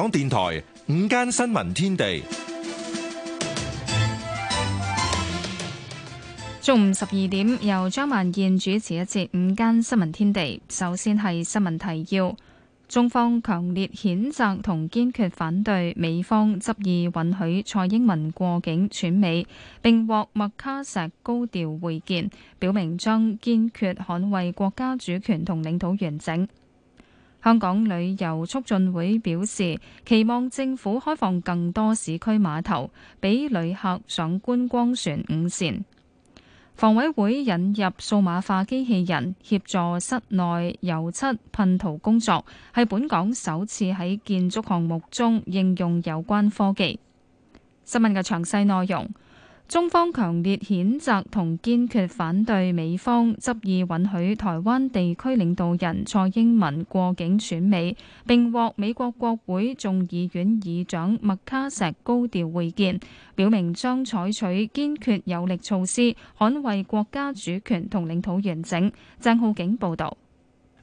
香港電台午間新聞天地，中午十二點，由張曼燕主持一節午間新聞天地。首先係新聞提要：中方強烈譴責同堅決反對美方執意允許蔡英文過境竄美，並獲麥卡錫高調會見，表明將堅決捍衛國家主權同領土完整。香港旅遊促進會表示，期望政府開放更多市區碼頭，畀旅客上觀光船午膳。房委會引入數碼化機器人協助室內油漆噴塗工作，係本港首次喺建築項目中應用有關科技。新聞嘅詳細內容。中方強烈譴責同堅決反對美方執意允許台灣地區領導人蔡英文過境竄美，並獲美國國會眾議院議長麥卡錫高調會見，表明將採取堅決有力措施，捍衛國家主權同領土完整。鄭浩景報道。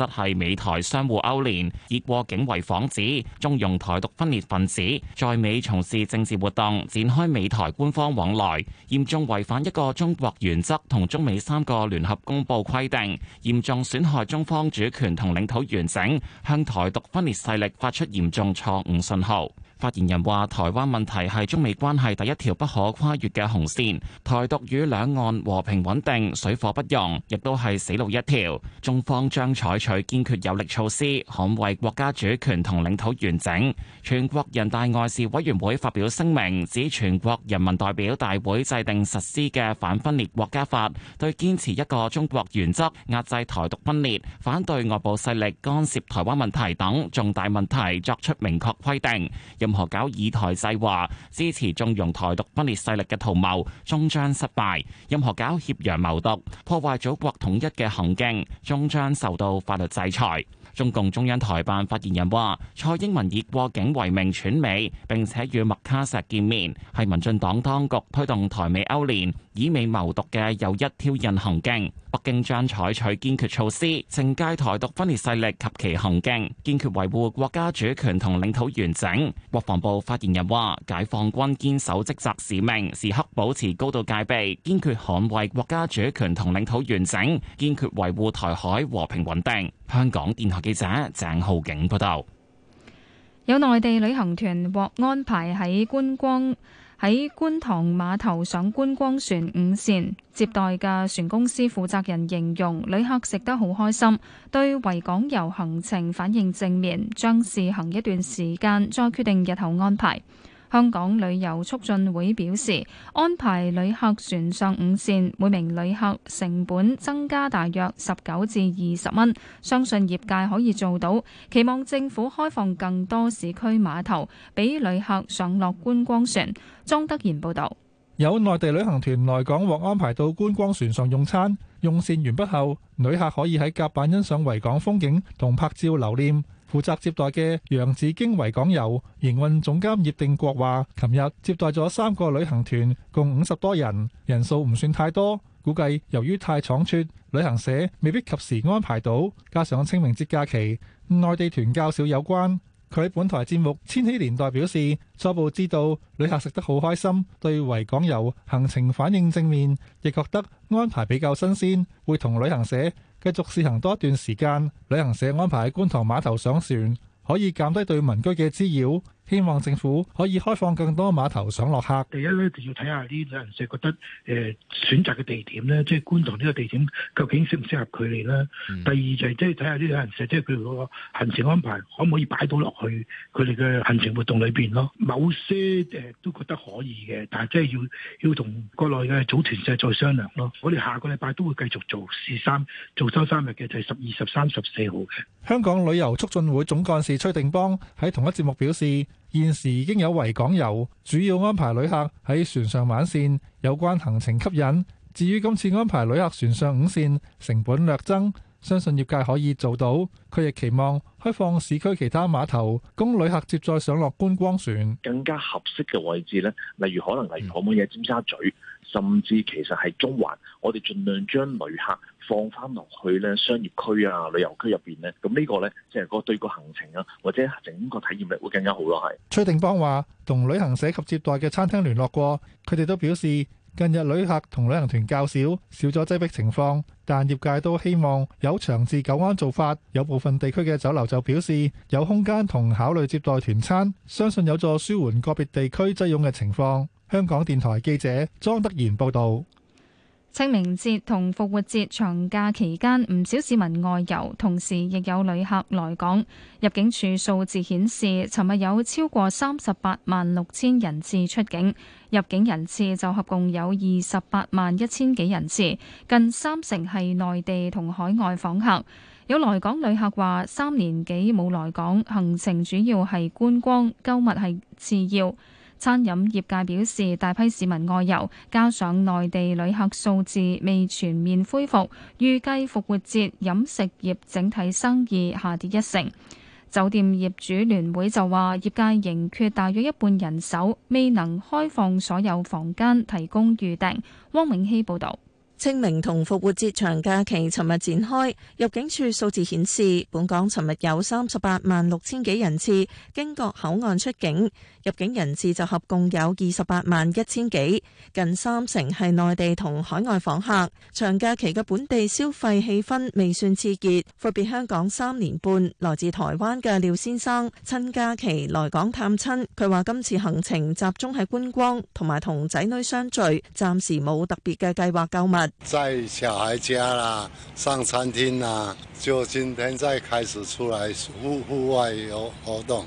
則係美台相互勾連，以過境為幌子，縱容台獨分裂分子在美從事政治活動，展開美台官方往來，嚴重違反一個中國原則同中美三個聯合公報規定，嚴重損害中方主權同領土完整，向台獨分裂勢力發出嚴重錯誤信號。發言人話，台灣問題是中美關係第一條不可跨越的紅線。台獨與兩岸和平穩定，水火不容，亦都是死路一條。中方將採取堅決有力措施，捍衛國家主權和領土完整。全國人大外事委員會發表聲明，指全國人民代表大會制定實施的反分裂國家法，對堅持一個中國原則，壓制台獨分裂，反對外部勢力，干涉台灣問題等重大問題作出明確規定。任何搞以台制華、支持縱容台獨分裂勢力嘅圖謀終將失敗，任何搞挾洋謀獨破壞祖國統一嘅行徑終將受到法律制裁。中共中央台辦發言人話蔡英文以過境為名竄美，並且與麥卡錫見面，係民進黨當局推動台美勾連，以美謀獨嘅又一挑釁行徑，北京將採取堅決措施，懲戒台獨分裂勢力及其行徑，堅決維護國家主權同領土完整。國防部發言人話，解放軍堅守職責使命，時刻保持高度戒備，堅決捍衛國家主權同領土完整，堅決維護台海和平穩定。香港電台記者鄭浩景報道，有內地旅行團獲安排喺觀光喺觀塘碼頭上觀光船午膳，接待嘅船公司負責人形容旅客食得好開心，對維港遊行程反應正面，將試行一段時間再決定日後安排。香港旅遊促進會表示，安排旅客船上午膳，每名旅客成本增加大約十九至二十蚊，相信業界可以做到。期望政府開放更多市區碼頭俾旅客上落觀光船。莊德賢報導，有內地旅行團來港，獲安排到觀光船上用餐，用膳完畢後，旅客可以喺甲板欣賞維港風景同拍照留念。負責接待嘅洋紫荊維港遊營運總監葉定國話：琴日接待咗三個旅行團，共五十多人，人數唔算太多。估計由於太倉促，旅行社未必及時安排到，加上清明節假期，內地團較少有關。佢喺本台節目《千禧年代》表示，初步知道旅客食得好開心，對維港遊行程反應正面，亦覺得安排比較新鮮，會同旅行社，繼續試行多一段時間，旅行社安排喺觀塘碼頭上船，可以減低對民居嘅滋擾。希望政府可以開放更多碼頭上落客。第一咧就要睇下啲旅行社覺得誒選擇嘅地點咧，即係觀塘呢個地點究竟適唔適合佢哋咧？第二就係即係睇下啲旅行社即係佢個行程安排可唔可以擺到落去佢哋嘅行程活動裏邊咯。某些誒都覺得可以嘅，但係即係要要同國內嘅組團社再商量咯。我哋下個禮拜都會繼續做試三做三三日嘅，就係十二、十三、十四號嘅。香港旅遊促進會總幹事崔定邦喺同一節目表示。現時已經有維港遊，主要安排旅客喺船上晚線有關行程吸引。至於今次安排旅客船上午線，成本略增。相信業界可以做到，佢亦期望開放市區其他碼頭，供旅客接載上落觀光船更加合適嘅位置咧。例如可能例如可唔可以喺尖沙咀，甚至其實係中環，我哋儘量將旅客放翻落去咧商業區啊、旅遊區入邊咧。咁呢個呢，即係個對個行程啊，或者整個體驗力會更加好咯。係。崔定邦話：同旅行社及接待嘅餐廳聯絡過，佢哋都表示。近日旅客同旅行團較少，少咗擠迫情況，但業界都希望有長治久安做法。有部分地區嘅酒樓就表示有空間同考慮接待團餐，相信有助舒緩個別地區擠擁嘅情況。香港電台記者莊德賢報道。清明節同復活節長假期間，唔少市民外遊，同時亦有旅客來港。入境處數字顯示，尋日有超過三十八萬六千人次出境，入境人次就合共有二十八萬一千幾人次，近三成係內地同海外訪客。有來港旅客話，三年幾冇來港，行程主要係觀光，購物係次要。餐飲業界表示，大批市民外遊加上內地旅客數字未全面恢復，預計復活節飲食業整體生意下跌一成。酒店業主聯會就話，業界仍缺大約一半人手，未能開放所有房間提供預訂。汪永熙報道。清明同復活節長假期，尋日展開，入境處數字顯示，本港尋日有三十八萬六千幾人次經過口岸出境。入境人次就合共有二十八萬一千幾，近三成係內地同海外訪客。長假期嘅本地消費氣氛未算刺激。闊別香港三年半，來自台灣嘅廖先生趁假期來港探親，佢話今次行程集中喺觀光同埋同仔女相聚，暫時冇特別嘅計劃購物。在小孩家啦，上餐廳啦，就今天再開始出來戶戶外遊活動。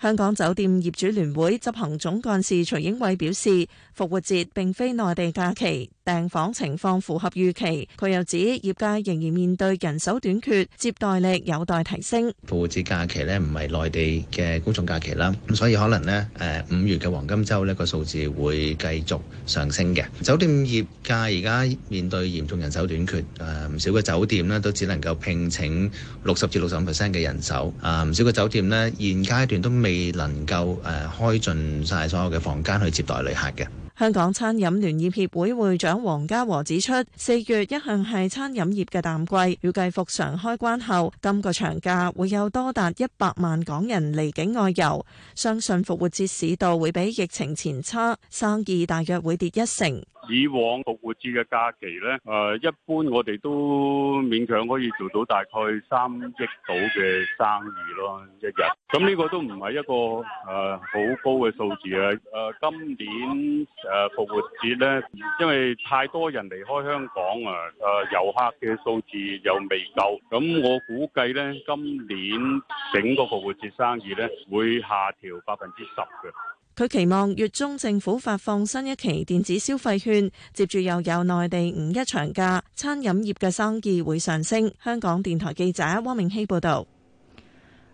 香港酒店業主聯會執行總幹事徐英偉表示，復活節並非內地假期，訂房情況符合預期。佢又指，業界仍然面對人手短缺，接待力有待提升。復活節假期咧唔係內地嘅公眾假期啦，咁所以可能咧，誒五月嘅黃金周咧個數字會繼續上升嘅。酒店業界而家面對嚴重人手短缺，誒唔少嘅酒店咧都只能夠聘請六十至六十五 percent 嘅人手，啊，唔少嘅酒店咧現階段都未。.未能夠誒開盡曬所有嘅房間去接待旅客嘅。香港餐飲聯業協會會長黃家和指出，四月一向係餐飲業嘅淡季，預計復常開關後，今個長假會有多達一百萬港人離境外遊，相信復活節市道會比疫情前差，生意大約會跌一成。以往復活節嘅假期咧，誒、呃、一般我哋都勉強可以做到大概三億到嘅生意咯，一日。咁呢個都唔係一個誒好、呃、高嘅數字啊！誒、呃、今年誒、呃、復活節咧，因為太多人離開香港啊，誒、呃、遊客嘅數字又未夠，咁我估計咧今年整嗰個復活節生意咧會下調百分之十嘅。佢期望月中政府發放新一期電子消費券，接住又有內地五一長假，餐飲業嘅生意會上升。香港電台記者汪明希報道。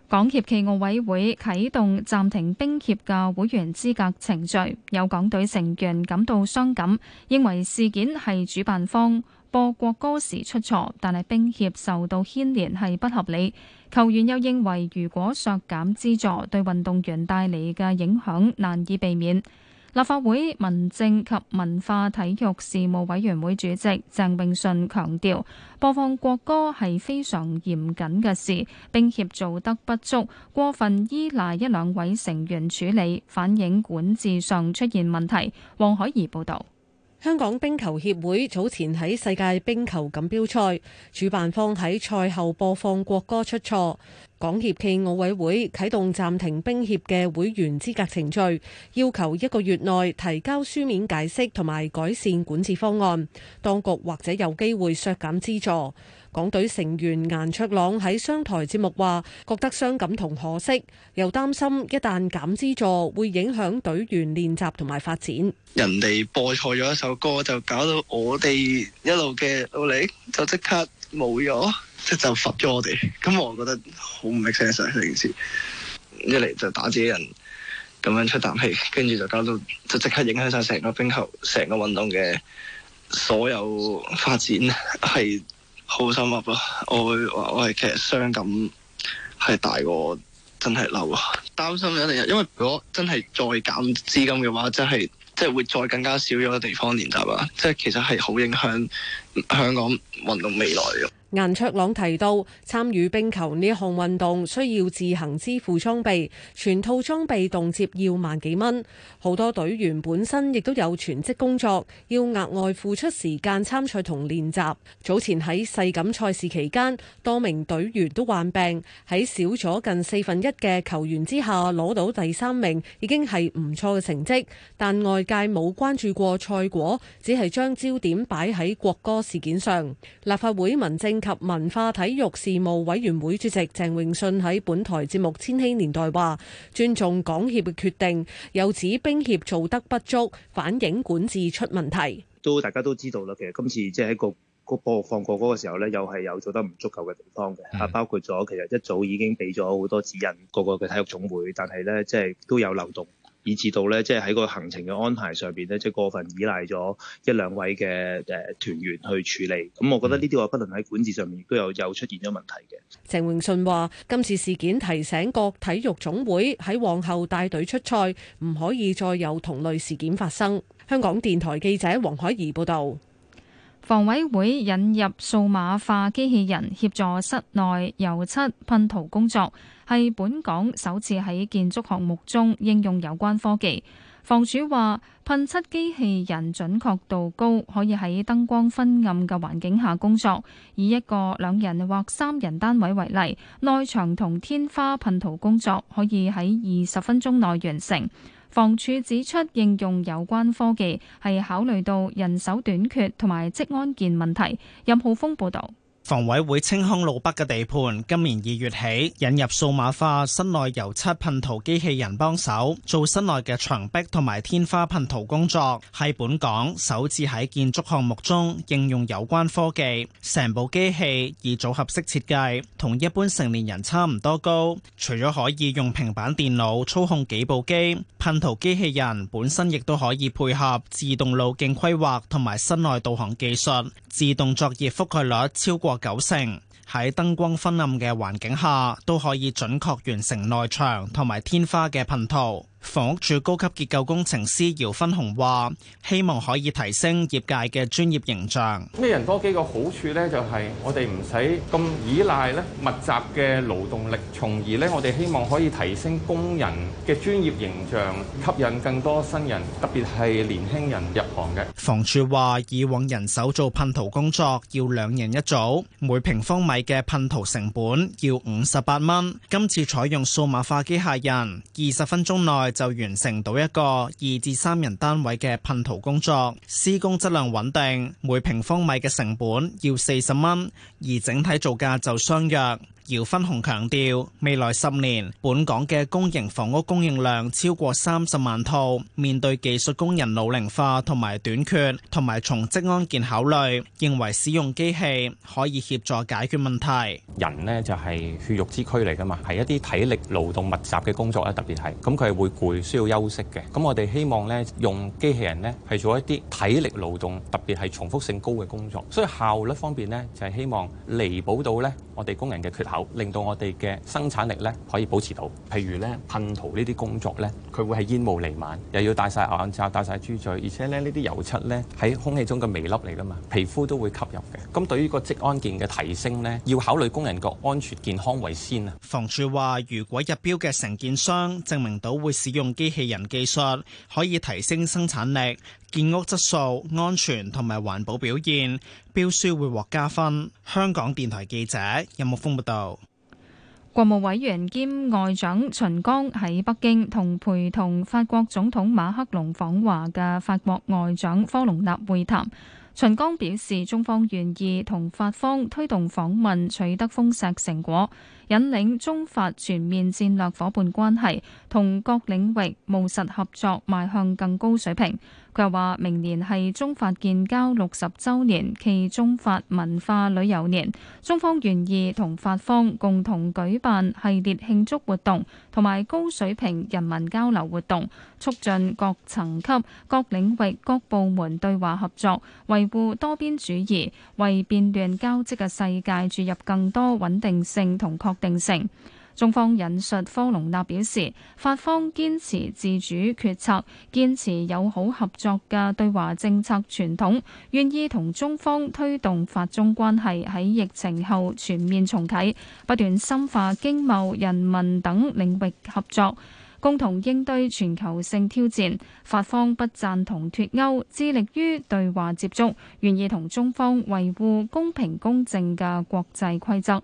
港協暨奧委會啟動暫停冰協嘅會員資格程序，有港隊成員感到傷感，認為事件係主辦方播國歌時出錯，但係冰協受到牽連係不合理。球員又認為如果削減資助，對運動員帶嚟嘅影響難以避免。立法會民政及文化體育事務委員會主席鄭泳舜強調播放國歌係非常嚴謹嘅事，冰協做得不足，過分依賴一兩位成員處理，反映管治上出現問題。黃海怡報道。香港冰球協會早前喺世界冰球錦標賽，主辦方喺賽後播放國歌出錯。港協暨奧委會啟動暫停冰協嘅會員資格程序，要求一個月內提交書面解釋同埋改善管治方案，當局或者有機會削減資助。港隊成員顏卓朗喺商台節目話，覺得傷感同可惜，又擔心一旦減資助會影響隊員練習同埋發展。人哋播錯咗一首歌，就搞到我哋一路嘅努力就即刻冇咗，即就罰咗我哋。咁我覺得好唔 make sense 成件事，一嚟就打自己人，咁樣出啖氣，跟住就搞到就即刻影響晒成個冰球、成個運動嘅所有發展係。好深鬱啊，我會話我係其實傷感係大過真係嬲啊，擔心一定因為如果真係再減資金嘅話，真係即係會再更加少咗地方練習啊，即係其實係好影響香港運動未來嘅。顏卓朗提到，參與冰球呢項運動需要自行支付裝備，全套裝備動輒要萬幾蚊。好多隊員本身亦都有全職工作，要額外付出時間參賽同練習。早前喺世錦賽事期間，多名隊員都患病，喺少咗近四分一嘅球員之下攞到第三名，已經係唔錯嘅成績。但外界冇關注過賽果，只係將焦點擺喺國歌事件上。立法會民政及文化體育事務委員會主席鄭泳舜喺本台節目《千禧年代》話：尊重港協嘅決定，又指冰協做得不足，反映管治出問題。都大家都知道啦，其實今次即係喺個個播放國歌嘅時候咧，又係有做得唔足夠嘅地方嘅，啊，包括咗其實一早已經俾咗好多指引，個個嘅體育總會，但係咧即係都有漏洞。以至到呢，即係喺個行程嘅安排上邊呢，即係過分依賴咗一兩位嘅誒團員去處理。咁我覺得呢啲話不能喺管治上面都有有出現咗問題嘅。鄭榮信話，今次事件提醒各體育總會喺往後帶隊出賽，唔可以再有同類事件發生。香港電台記者黃海怡報道。房委會引入數碼化機器人協助室內油漆噴塗工作，係本港首次喺建築項目中應用有關科技。房主話噴漆機器人準確度高，可以喺燈光昏暗嘅環境下工作。以一個兩人或三人單位為例，內牆同天花噴塗工作可以喺二十分鐘內完成。房署指出，應用有關科技係考慮到人手短缺同埋職安健問題。任浩峰報導。房委會青康路北嘅地盤，今年二月起引入數碼化室內油漆噴塗機器人幫手，做室內嘅牆壁同埋天花噴塗工作，係本港首次喺建築項目中應用有關科技。成部機器以組合式設計，同一般成年人差唔多高。除咗可以用平板電腦操控幾部機，噴塗機器人本身亦都可以配合自動路徑規劃同埋室內導航技術，自動作業覆蓋率超過。九成，喺燈光昏暗嘅環境下都可以準確完成內牆同埋天花嘅噴塗。房屋署高級結構工程師姚芬雄話，希望可以提升業界嘅專業形象。機器人多幾個好處咧，就係我哋唔使咁依賴咧密集嘅勞動力，從而咧我哋希望可以提升工人嘅專業形象，吸引更多新人，特別係年輕人入行嘅。房署話，以往人手做噴塗工作要兩人一組，每平方米嘅噴塗成本要五十八蚊。今次採用數碼化機械人，二十分鐘內，就完成到一個二至三人單位嘅噴塗工作，施工質量穩定，每平方米嘅成本要四十蚊，而整體造價就相約。姚分紅強調，未來十年本港嘅公營房屋供應量超過三十萬套。面對技術工人老齡化同埋短缺，同埋從職安健考慮，認為使用機器可以協助解決問題。人呢就係血肉之軀嚟噶嘛，係一啲體力勞動密集嘅工作啦，特別係咁佢係會攰，需要休息嘅。咁我哋希望咧用機器人咧係做一啲體力勞動，特別係重複性高嘅工作，所以效率方面呢就係希望彌補到咧。我哋工人嘅缺口，令到我哋嘅生產力咧可以保持到。譬如咧噴塗呢啲工作咧，佢會係煙霧彌漫，又要戴晒眼罩、戴晒豬嘴，而且咧呢啲油漆咧喺空氣中嘅微粒嚟噶嘛，皮膚都會吸入嘅。咁對於個職安健嘅提升咧，要考慮工人個安全健康為先啊。房署話，如果入標嘅承建商證明到會使用機器人技術，可以提升生產力。建屋質素、安全同埋環保表現，標書會獲加分。香港電台記者任木峰報道。國務委員兼外長秦剛喺北京同陪同法國總統馬克龍訪華嘅法國外長科隆納會談。秦剛表示，中方願意同法方推動訪問取得豐碩成果，引領中法全面戰略伙伴關係同各領域務實合作，邁向更高水平。佢話：明年係中法建交六十週年，暨中法文化旅遊年，中方願意同法方共同舉辦系列慶祝活動，同埋高水平人民交流活動，促進各層級、各領域、各部門對話合作，維護多邊主義，為變亂交織嘅世界注入更多穩定性同確定性。中方引述科隆納表示，法方堅持自主決策，堅持友好合作嘅對華政策傳統，願意同中方推動法中關係喺疫情後全面重啟，不斷深化經貿、人民等領域合作，共同應對全球性挑戰，法方不贊同脫鉤，致力於對華接觸，願意同中方維護公平公正嘅國際規則。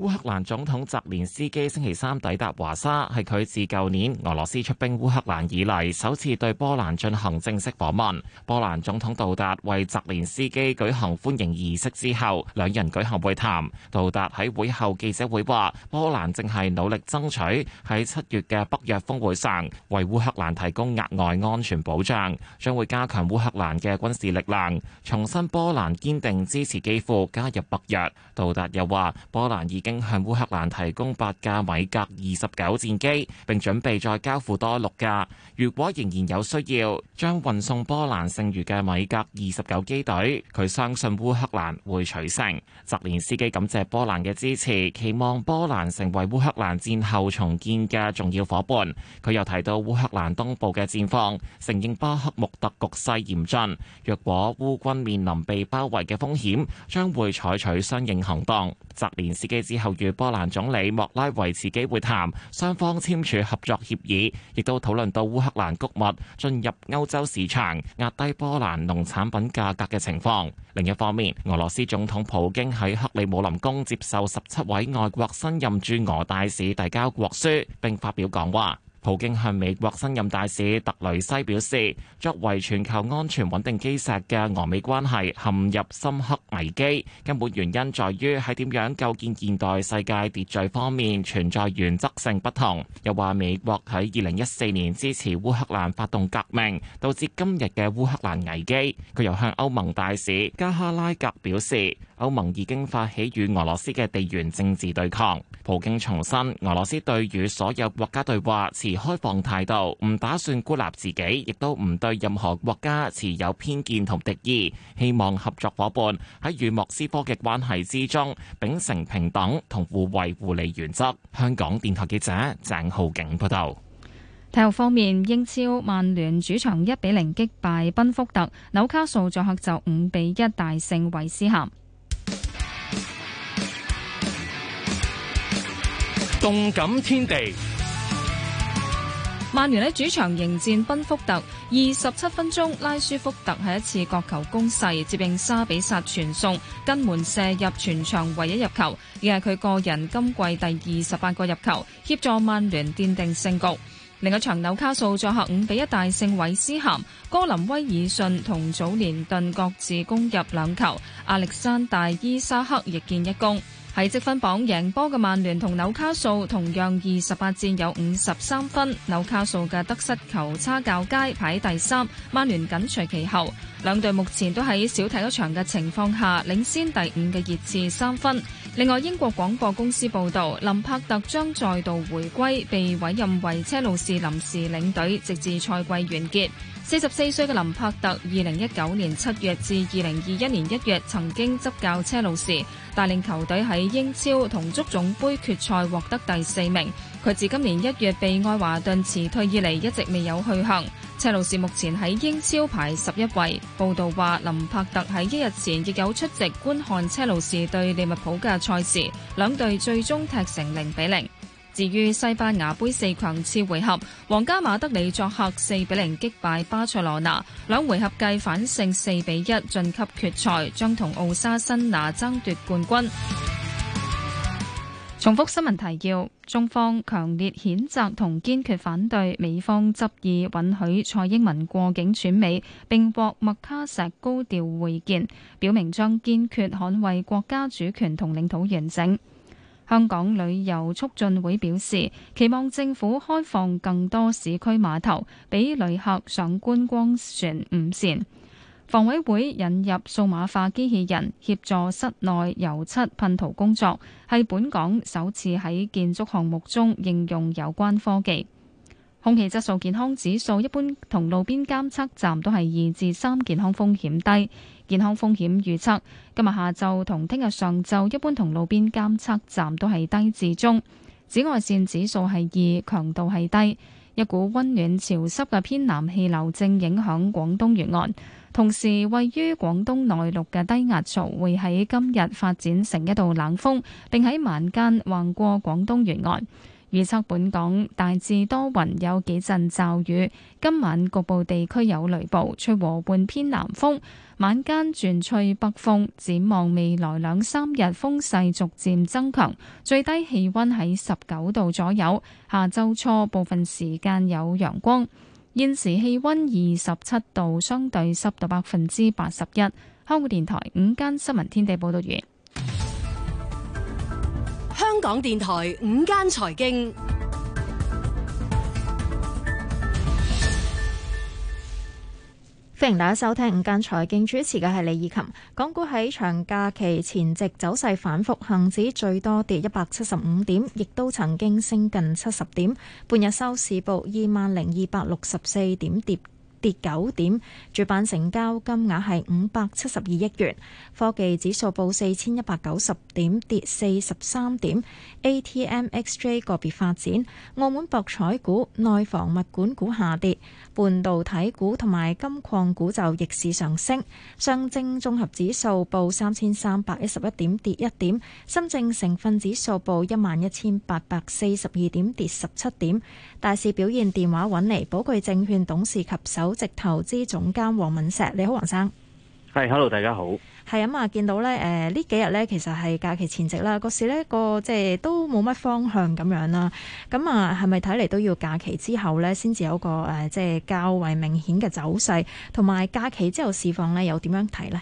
烏克蘭總統澤連斯基星期三抵達華沙，係佢自舊年俄羅斯出兵烏克蘭以嚟首次對波蘭進行正式訪問。波蘭總統杜達為澤連斯基舉行歡迎儀式之後，兩人舉行會談。杜達喺會後記者會話：波蘭正係努力爭取喺七月嘅北約峰會上為烏克蘭提供額外安全保障，將會加強烏克蘭嘅軍事力量，重申，波蘭堅定支持基輔加入北約。杜達又話：波蘭已經向烏克蘭提供八架米格二十九戰機，並準備再交付多六架。如果仍然有需要，將運送波蘭剩餘嘅米格二十九機隊。佢相信烏克蘭會取勝。澤連斯基感謝波蘭嘅支持，期望波蘭成為烏克蘭戰後重建嘅重要夥伴。佢又提到烏克蘭東部嘅戰況，承認巴克穆特局勢嚴峻。若果烏軍面臨被包圍嘅風險，將會採取相應行動。澤連斯基之後與波蘭總理莫拉維茨基會談，雙方簽署合作協議，亦都討論到烏克蘭穀物進入歐洲市場壓低波蘭農產品價格嘅情況。另一方面，俄羅斯總統普京喺克里姆林宮接受十七位外國新任駐俄大使遞交國書，並發表講話。普京向美國新任大使特雷西表示，作為全球安全穩定基石嘅俄美關係陷入深刻危機，根本原因在於喺點樣構建現代世界秩序方面存在原則性不同。又話美國喺二零一四年支持烏克蘭發動革命，導致今日嘅烏克蘭危機。佢又向歐盟大使加哈拉格表示，歐盟已經發起與俄羅斯嘅地緣政治對抗。普京重申，俄羅斯對與所有國家對話持開放態度，唔打算孤立自己，亦都唔對任何國家持有偏見同敵意。希望合作夥伴喺與莫斯科嘅關係之中，秉承平等同互惠互利原則。香港電台記者鄭浩景報道。體育方面，英超曼聯主場一比零擊敗賓福特，紐卡素作客就五比一大勝韋斯咸。動感天地，曼聯喺主場迎戰賓福特，二十七分鐘拉舒福特喺一次角球攻勢，接應沙比薩傳送，跟門射入全場唯一入球，亦係佢個人今季第二十八個入球，協助曼聯奠定勝局。另一場紐卡素作客五比一大勝韋斯咸，哥林威爾遜同祖連頓各自攻入兩球，亞歷山大伊沙克亦建一功。喺積分榜贏波嘅曼聯同紐卡素同樣二十八戰有五十三分，紐卡素嘅得失球差較佳，排第三，曼聯緊隨其後。兩隊目前都喺少睇一場嘅情況下，領先第五嘅熱刺三分。另外，英國廣播公司報導，林柏特將再度回歸，被委任為車路士臨時領隊，直至賽季完結。四十四歲嘅林柏特，二零一九年七月至二零二一年一月曾經執教車路士，帶領球隊喺英超同足總杯決賽獲得第四名。佢自今年一月被愛華頓辭退以嚟，一直未有去向。車路士目前喺英超排十一位。報道話，林柏特喺一日前亦有出席觀看車路士對利物浦嘅賽事，兩隊最終踢成零比零。至於西班牙杯四強次回合，皇家馬德里作客四比零擊敗巴塞羅那，兩回合計反勝四比一晉級決賽，將同奧沙辛拿爭奪冠軍。重複新聞提要：中方強烈譴責同堅決反對美方執意允許蔡英文過境竄美，並獲麥卡錫高調會見，表明將堅決捍衛國家主權同領土完整。香港旅遊促進會表示，期望政府開放更多市區碼頭，俾旅客上觀光船午膳。房委會引入數碼化機器人協助室內油漆噴塗工作，係本港首次喺建築項目中應用有關科技。空氣質素健康指數一般同路邊監測站都係二至三，健康風險低。健康風險預測今日下晝同聽日上晝一般同路邊監測站都係低至中。紫外線指數係二，強度係低。一股溫暖潮濕嘅偏南氣流正影響廣東沿岸，同時位於廣東內陸嘅低壓槽會喺今日發展成一道冷鋒，並喺晚間橫過廣東沿岸。預測本港大致多雲，有幾陣驟雨。今晚局部地區有雷暴，吹和緩偏南風，晚間轉吹北風。展望未來兩三日風勢逐漸增強，最低氣溫喺十九度左右。下周初部分時間有陽光。現時氣溫二十七度，相對濕度百分之八十一。香港電台午間新聞天地報道完。香港電台午間財經，歡迎大家收聽午間財經，主持嘅係李以琴。港股喺長假期前夕，走勢反覆，恒指最多跌一百七十五點，亦都曾經升近七十點。半日收市報二萬零二百六十四點，跌。跌九點，主板成交金額係五百七十二億元。科技指數報四千一百九十點，跌四十三點。ATMXJ 個別發展，澳門博彩股、內房物管股下跌，半導體股同埋金礦股就逆市上升。上證綜合指數報三千三百一十一點，跌一點。深證成分指數報一萬一千八百四十二點，跌十七點。大市表現，電話揾嚟，寶鉅證券董事及首直投資總監黃敏石，你好，黃生，係，hello，大家好，係咁啊，見到咧，誒、呃，幾呢幾日咧，其實係假期前夕啦，個市咧個即係都冇乜方向咁樣啦，咁、嗯、啊，係咪睇嚟都要假期之後咧，先至有個誒，即係較為明顯嘅走勢，同埋假期之後市況咧，又點樣睇咧？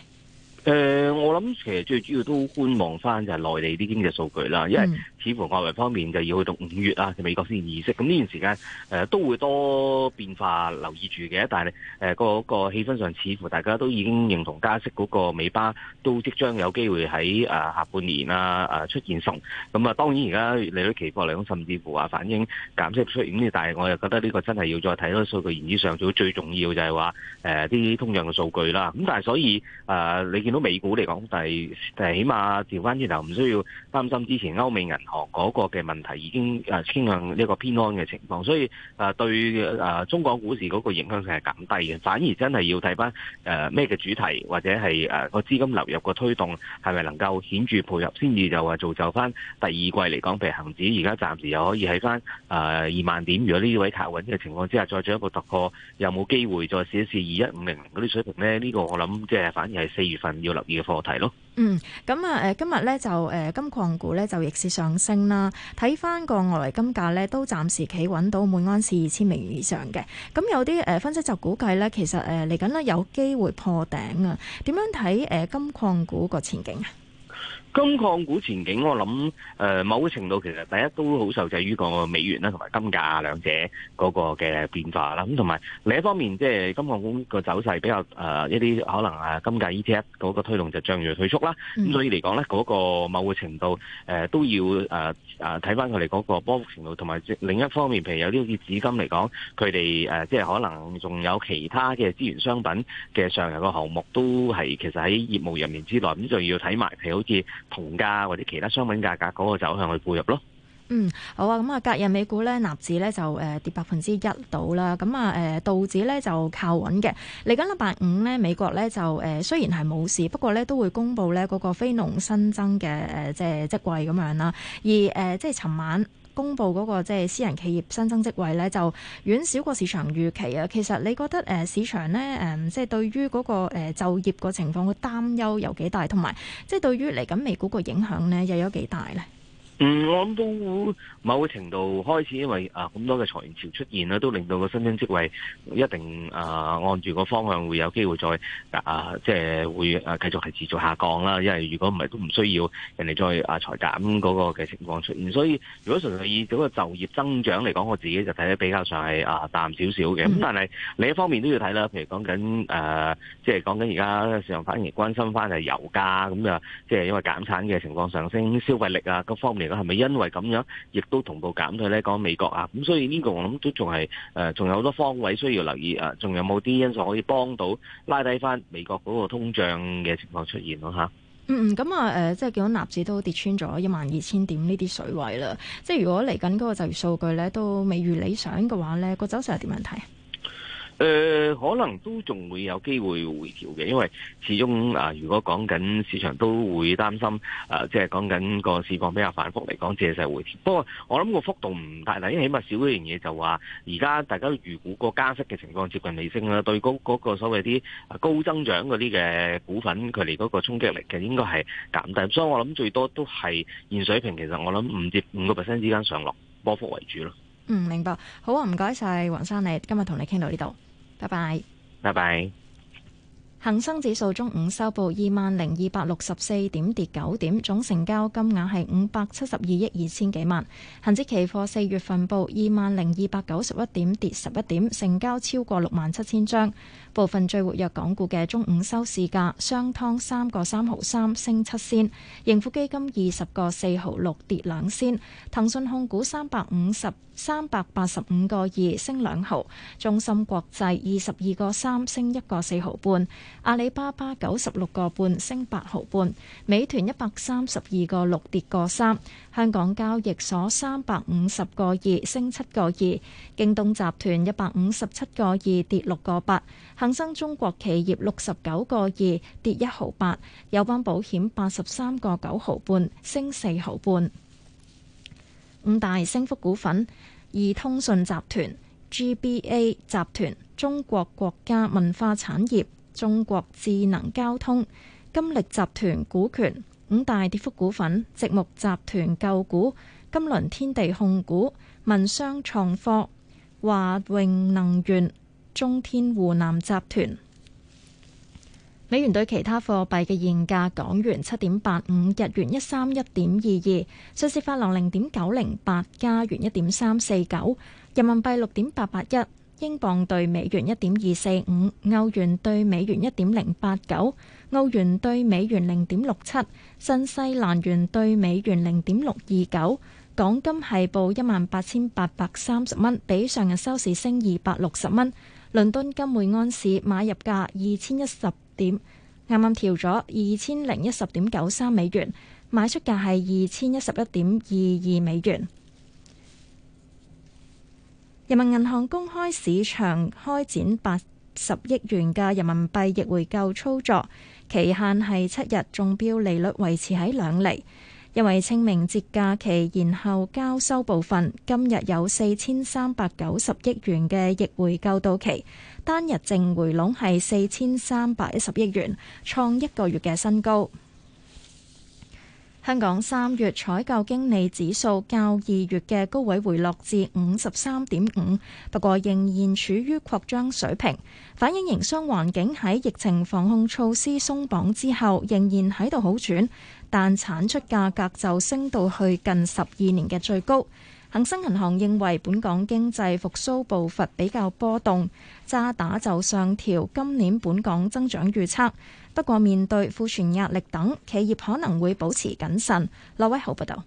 誒、呃，我諗其實最主要都觀望翻就係內地啲經濟數據啦，因為、嗯。似乎外圍方面就要去到五月啊，美國先議息。咁呢段時間誒、呃、都會多變化，留意住嘅。但係誒嗰個氣氛上，似乎大家都已經認同加息嗰個尾巴都即將有機會喺誒、呃、下半年啦、啊、誒、啊、出現鬆。咁、嗯、啊，當然而家利率期貨嚟講，甚至乎啊反映減息出現。但係我又覺得呢個真係要再睇多啲數據言之，上。最最重要就係話誒啲通脹嘅數據啦。咁但係所以誒、呃、你見到美股嚟講，但係起碼調翻轉頭，唔需要擔心之前歐美銀行，嗰個嘅問題已經誒傾向一個偏安嘅情況，所以誒對誒中港股市嗰個影響性係減低嘅，反而真係要睇翻誒咩嘅主題或者係誒個資金流入嘅推動係咪能夠顯著配合先至就話造就翻第二季嚟講，譬如恒指而家暫時又可以喺翻誒二萬點，如果呢位踏穩嘅情況之下，再進一步突破，有冇機會再試一試二一五零零嗰啲水平咧？呢、這個我諗即係反而係四月份要留意嘅課題咯。嗯，咁啊，誒，今日咧就誒金礦股咧就逆市上升啦。睇翻個外圍金價咧都暫時企穩到每安士二千美元以上嘅。咁有啲誒分析就估計咧，其實誒嚟緊咧有機會破頂啊。點樣睇誒金礦股個前景啊？金礦股前景。我諗誒、呃，某個程度其實第一都好受制於個美元啦，同埋金價兩者嗰個嘅變化啦。咁同埋另一方面，即、就、係、是、金礦股個走勢比較誒、呃，一啲可能誒，金價 E T F 嗰個推動就漲逾退縮啦。咁、嗯、所以嚟講咧，嗰、那個某個程度誒、呃，都要誒誒，睇返佢哋嗰個波幅程度。同埋另一方面，譬如有啲好似紫金嚟講，佢哋誒，即、呃、係、就是、可能仲有其他嘅資源商品嘅上游個項目都係其實喺業務人員之內。咁仲要睇埋譬如好似。同價或者其他商品價格嗰個走向去步入咯。嗯，好啊，咁啊，隔日美股咧納指咧就誒跌百分之一度啦。咁啊誒道指咧就靠穩嘅。嚟緊禮拜五咧，美國咧就誒雖然係冇事，不過咧都會公布咧嗰個非農新增嘅誒即係職位咁樣啦。而誒即係尋晚。公布嗰個即係私人企業新增職位咧，就遠少過市場預期啊！其實你覺得誒市場咧誒即係對於嗰個誒就業個情況嘅擔憂有幾大，同埋即係對於嚟緊美股個影響咧又有幾大咧？嗯，我諗都某個程度開始，因為啊咁多嘅裁員潮出現咧，都令到個新增職位一定啊按住個方向會有機會再啊即係、就是、會啊繼續係持續下降啦。因為如果唔係都唔需要人哋再啊裁減嗰個嘅情況出現，所以如果純粹以嗰個就業增長嚟講，我自己就睇得比較上係啊淡少少嘅。咁但係另一方面都要睇啦，譬如講緊誒，即係講緊而家嘅市場反而關心翻係油價咁啊，即係、就是、因為減產嘅情況上升，消費力啊各方面係咪因為咁樣，亦都同步減退咧？講美國啊，咁所以呢個我諗都仲係誒，仲、呃、有好多方位需要留意誒，仲、啊、有冇啲因素可以幫到拉低翻美國嗰個通脹嘅情況出現咯？吓、啊，嗯嗯，咁啊誒，即係見到納指都跌穿咗一萬二千點呢啲水位啦，即係如果嚟緊嗰個就業數據咧都未如理想嘅話咧，個走勢係點樣睇啊？誒、呃，可能都仲會有機會回調嘅，因為始終啊、呃，如果講緊市場都會擔心啊、呃，即係講緊個市況比較反覆嚟講，借勢回調。不過我諗個幅度唔大，因為起碼少一樣嘢就話，而家大家如果個加息嘅情況接近尾聲啦，對嗰嗰個所謂啲高增長嗰啲嘅股份，佢哋嗰個衝擊力嘅應該係減低。所以我諗最多都係現水平，其實我諗五至五個 percent 之間上落，波幅為主咯。嗯，明白。好啊，唔該晒，黃生，今跟你今日同你傾到呢度。拜拜，拜拜。恒生指數中午收報二萬零二百六十四點，跌九點，總成交金額係五百七十二億二千幾萬。恒指期貨四月份報二萬零二百九十一點，跌十一點，成交超過六萬七千張。部分最活躍港股嘅中午收市價，商湯三個三毫三升七仙，盈富基金二十個四毫六跌兩仙，騰訊控股三百五十三百八十五個二升兩毫，中芯國際二十二個三升一個四毫半，阿里巴巴九十六個半升八毫半，美團一百三十二個六跌個三，香港交易所三百五十個二升七個二，京東集團一百五十七個二跌六個八。恒生中國企業六十九個二跌一毫八，友邦保險八十三個九毫半升四毫半。五大升幅股份：二通訊集團、G B A 集團、中國國家文化產業、中國智能交通、金力集團股權。五大跌幅股份：直木集團舊股、金輪天地控股、民商創科、華榮能源。中天湖南集團。美元對其他貨幣嘅現價：港元七點八五，日元一三一點二二，瑞士法郎零點九零八，加元一點三四九，人民幣六點八八一，英鎊兌美元一點二四五，歐元兌美元一點零八九，澳元兌美元零點六七，新西蘭元兌美元零點六二九。港金係報一萬八千八百三十蚊，比上日收市升二百六十蚊。倫敦金每安士買入價二千一十點，啱啱調咗二千零一十點九三美元，賣出價係二千一十一點二二美元。人民銀行公開市場開展八十億元嘅人民幣逆回購操作，期限係七日，中標利率維持喺兩厘。因為清明節假期延後交收部分，今日有四千三百九十億元嘅逆回購到期，單日淨回籠係四千三百一十億元，創一個月嘅新高。香港三月採購經理指數較二月嘅高位回落至五十三點五，不過仍然處於擴張水平，反映營商環境喺疫情防控措施鬆綁之後，仍然喺度好轉。但產出價格就升到去近十二年嘅最高。恒生銀行認為本港經濟復甦步伐比較波動，渣打就上調今年本港增長預測。不過面對庫存壓力等，企業可能會保持謹慎。劉偉豪報導。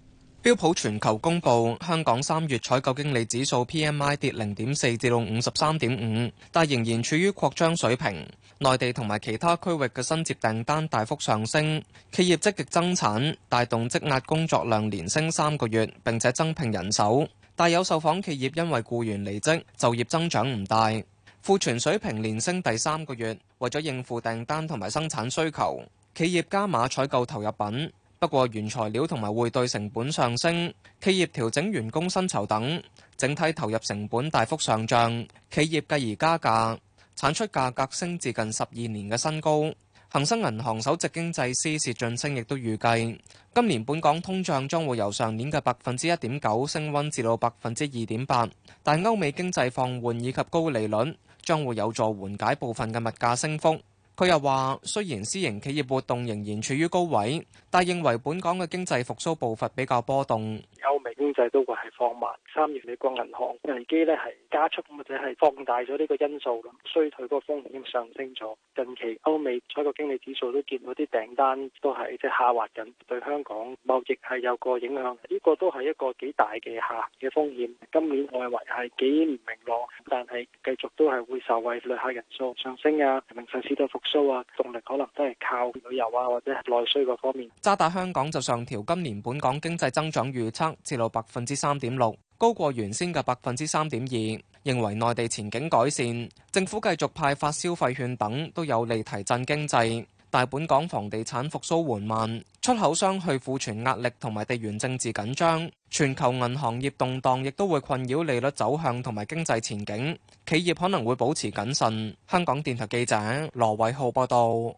標普全球公布香港三月採購經理指數 PMI 跌零點四至到五十三點五，但仍然處於擴張水平。內地同埋其他區域嘅新接訂單大幅上升，企業積極增產，帶動積壓工作量連升三個月，並且增聘人手。但有受訪企業因為雇員離職，就業增長唔大。庫存水平連升第三個月，為咗應付訂單同埋生產需求，企業加碼採購投入品。不過，原材料同埋匯兌成本上升，企業調整員工薪酬等，整體投入成本大幅上漲，企業繼而加價，產出價格升至近十二年嘅新高。恒生銀行首席經濟師薛俊升亦都預計，今年本港通脹將會由上年嘅百分之一點九升溫至到百分之二點八，但歐美經濟放緩以及高利率將會有助緩解部分嘅物價升幅。佢又話，雖然私營企業活動仍然處於高位。但係認為本港嘅經濟復甦步伐比較波動，歐美經濟都會係放慢。三月美國銀行危機咧係加速或者係放大咗呢個因素，衰退嗰個風險已上升咗。近期歐美採購經理指數都見到啲訂單都係即係下滑緊，對香港貿易係有個影響。呢個都係一個幾大嘅下行嘅風險。今年外圍係幾唔明朗，但係繼續都係會受惠旅客人數上升啊，民生市道復甦啊，動力可能都係靠旅遊啊或者內需嗰方面。渣打香港就上調今年本港經濟增長預測至到百分之三點六，高過原先嘅百分之三點二，認為內地前景改善，政府繼續派發消費券等都有利提振經濟，大本港房地產復甦緩慢，出口商去庫存壓力同埋地緣政治緊張，全球銀行業動盪亦都會困擾利率走向同埋經濟前景，企業可能會保持謹慎。香港電台記者羅偉浩報道。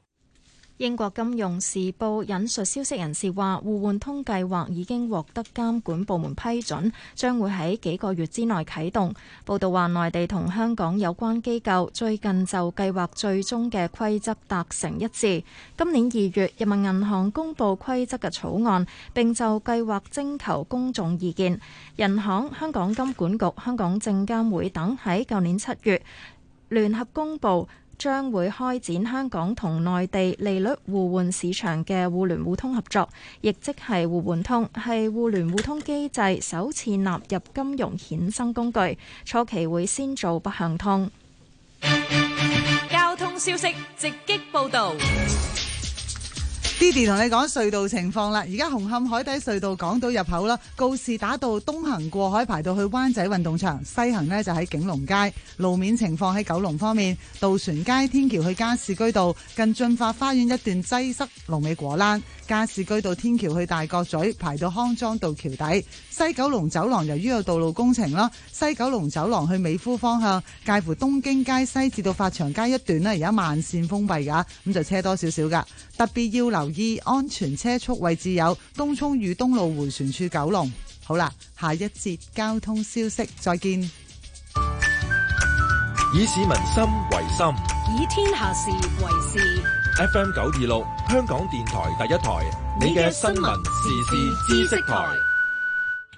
英國金融時報引述消息人士話，互換通計劃已經獲得監管部門批准，將會喺幾個月之內啟動。報道話，內地同香港有關機構最近就計劃最終嘅規則達成一致。今年二月，人民銀行公布規則嘅草案，並就計劃徵求公眾意見。人行、香港金管局、香港證監會等喺舊年七月聯合公佈。將會開展香港同內地利率互換市場嘅互聯互通合作，亦即係互換通，係互聯互通機制首次納入金融衍生工具，初期會先做北向通。交通消息直擊報道。Didi 同你講隧道情況啦，而家紅磡海底隧道港島入口啦，告士打道東行過海排到去灣仔運動場，西行咧，就喺景龍街路面情況，喺九龍方面，渡船街天橋去加士居道近駿發花園一段擠塞龍，龍尾果欄。加士居道天橋去大角咀排到康莊道橋底，西九龍走廊由於有道路工程啦，西九龍走廊去美孚方向，介乎東京街西至到發祥街一段呢，而家慢綫封閉噶，咁就車多少少噶。特別要留意安全車速位置有東涌與東路回旋處九龍。好啦，下一節交通消息再見。以市民心為心，以天下事為事。FM 九二六，香港電台第一台，你嘅新聞時事知識台。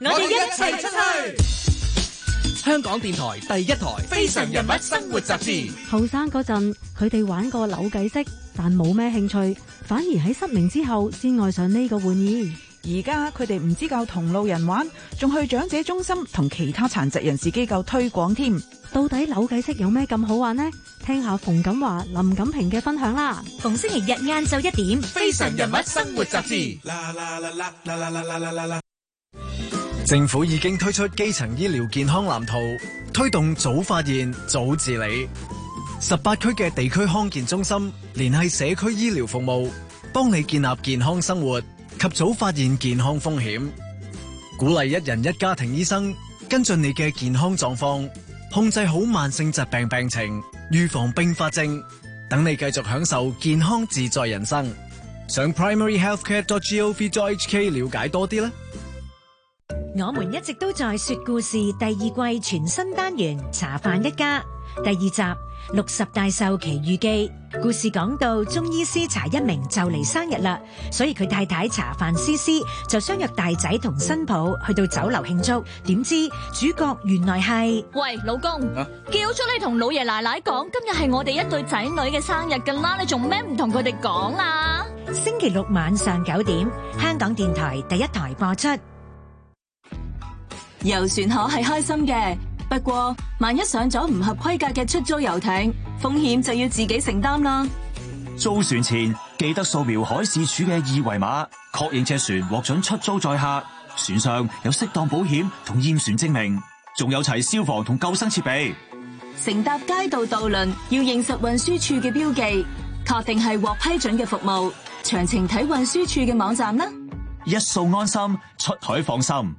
我哋一齊出去。香港電台第一台，非常人物生活雜誌。後生嗰陣，佢哋玩過扭計骰，但冇咩興趣，反而喺失明之後，先愛上呢個玩意。而家佢哋唔只教同路人玩，仲去長者中心同其他殘疾人士機構推廣添。到底扭計骰有咩咁好玩呢？聽下馮錦華、林錦平嘅分享啦。逢星期日晏晝一點，非常人物生活雜誌。啦啦啦啦啦啦啦啦啦啦！政府已經推出基層醫療健康藍圖，推動早發現、早治理。十八區嘅地區康健中心聯繫社區醫療服務，幫你建立健康生活。及早發現健康風險，鼓勵一人一家庭醫生跟進你嘅健康狀況，控制好慢性疾病病情，預防併發症，等你繼續享受健康自在人生。上 primaryhealthcare.gov.hk 了解多啲啦。我們一直都在說故事第二季全新單元《茶飯一家》。第二集六十大壽奇遇記，故事講到中醫師查一明就嚟生日啦，所以佢太太查凡思思就相約大仔同新抱去到酒樓慶祝。點知主角原來係，喂，老公，叫咗你同老爺奶奶講，今日係我哋一對仔女嘅生日噶啦，你做咩唔同佢哋講啊？星期六晚上九點，香港電台第一台播出。遊船河係開心嘅。不過，萬一上咗唔合規格嘅出租遊艇，風險就要自己承擔啦。租船前記得掃描海事處嘅二維碼，確認隻船獲准出租載客，船上有適當保險同驗船證明，仲有齊消防同救生設備。乘搭街道渡輪要認實運輸處嘅標記，確定係獲批准嘅服務，詳情睇運輸處嘅網站啦。一掃安心，出海放心。